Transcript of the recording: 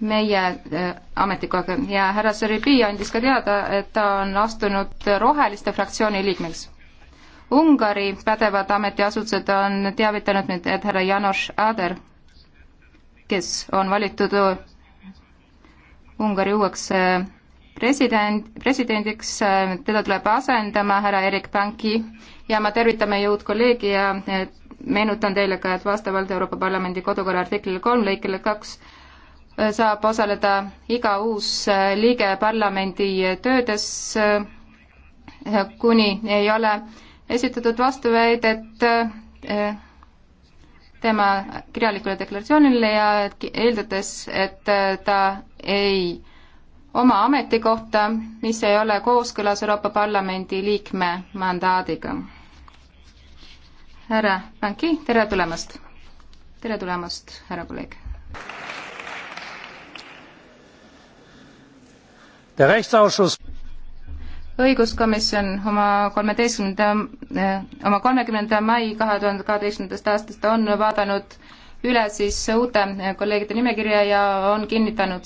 meie äh, ametikohaga ja härra Sõribi andis ka teada, et ta on astunud Roheliste fraktsiooni liikmeks. Ungari pädevad ametiasutused on teavitanud mind, et härra Janos Ader, kes on valitud Ungari uueks äh, president, presidendiks, äh, teda tuleb asendama härra Erik Panki ja ma tervitan meie uut kolleegi ja meenutan teile ka, et vastavalt Euroopa Parlamendi kodukorra artiklile kolm lõikele kaks saab osaleda iga uus äh, liige parlamendi äh, töödes, äh, kuni ei ole esitatud vastuväidet tema kirjalikule deklaratsioonile ja eeldades, et ta ei oma ametikohta, mis ei ole kooskõlas Euroopa Parlamendi liikme mandaadiga. härra Banki, tere tulemast! tere tulemast, härra kolleeg! Der Rechtsausschuss õiguskomisjon oma kolmeteistkümnenda, eh, oma kolmekümnenda mai kahe tuhande kaheteistkümnendast aastast on vaadanud üle siis uute eh, kolleegide nimekirja ja on kinnitanud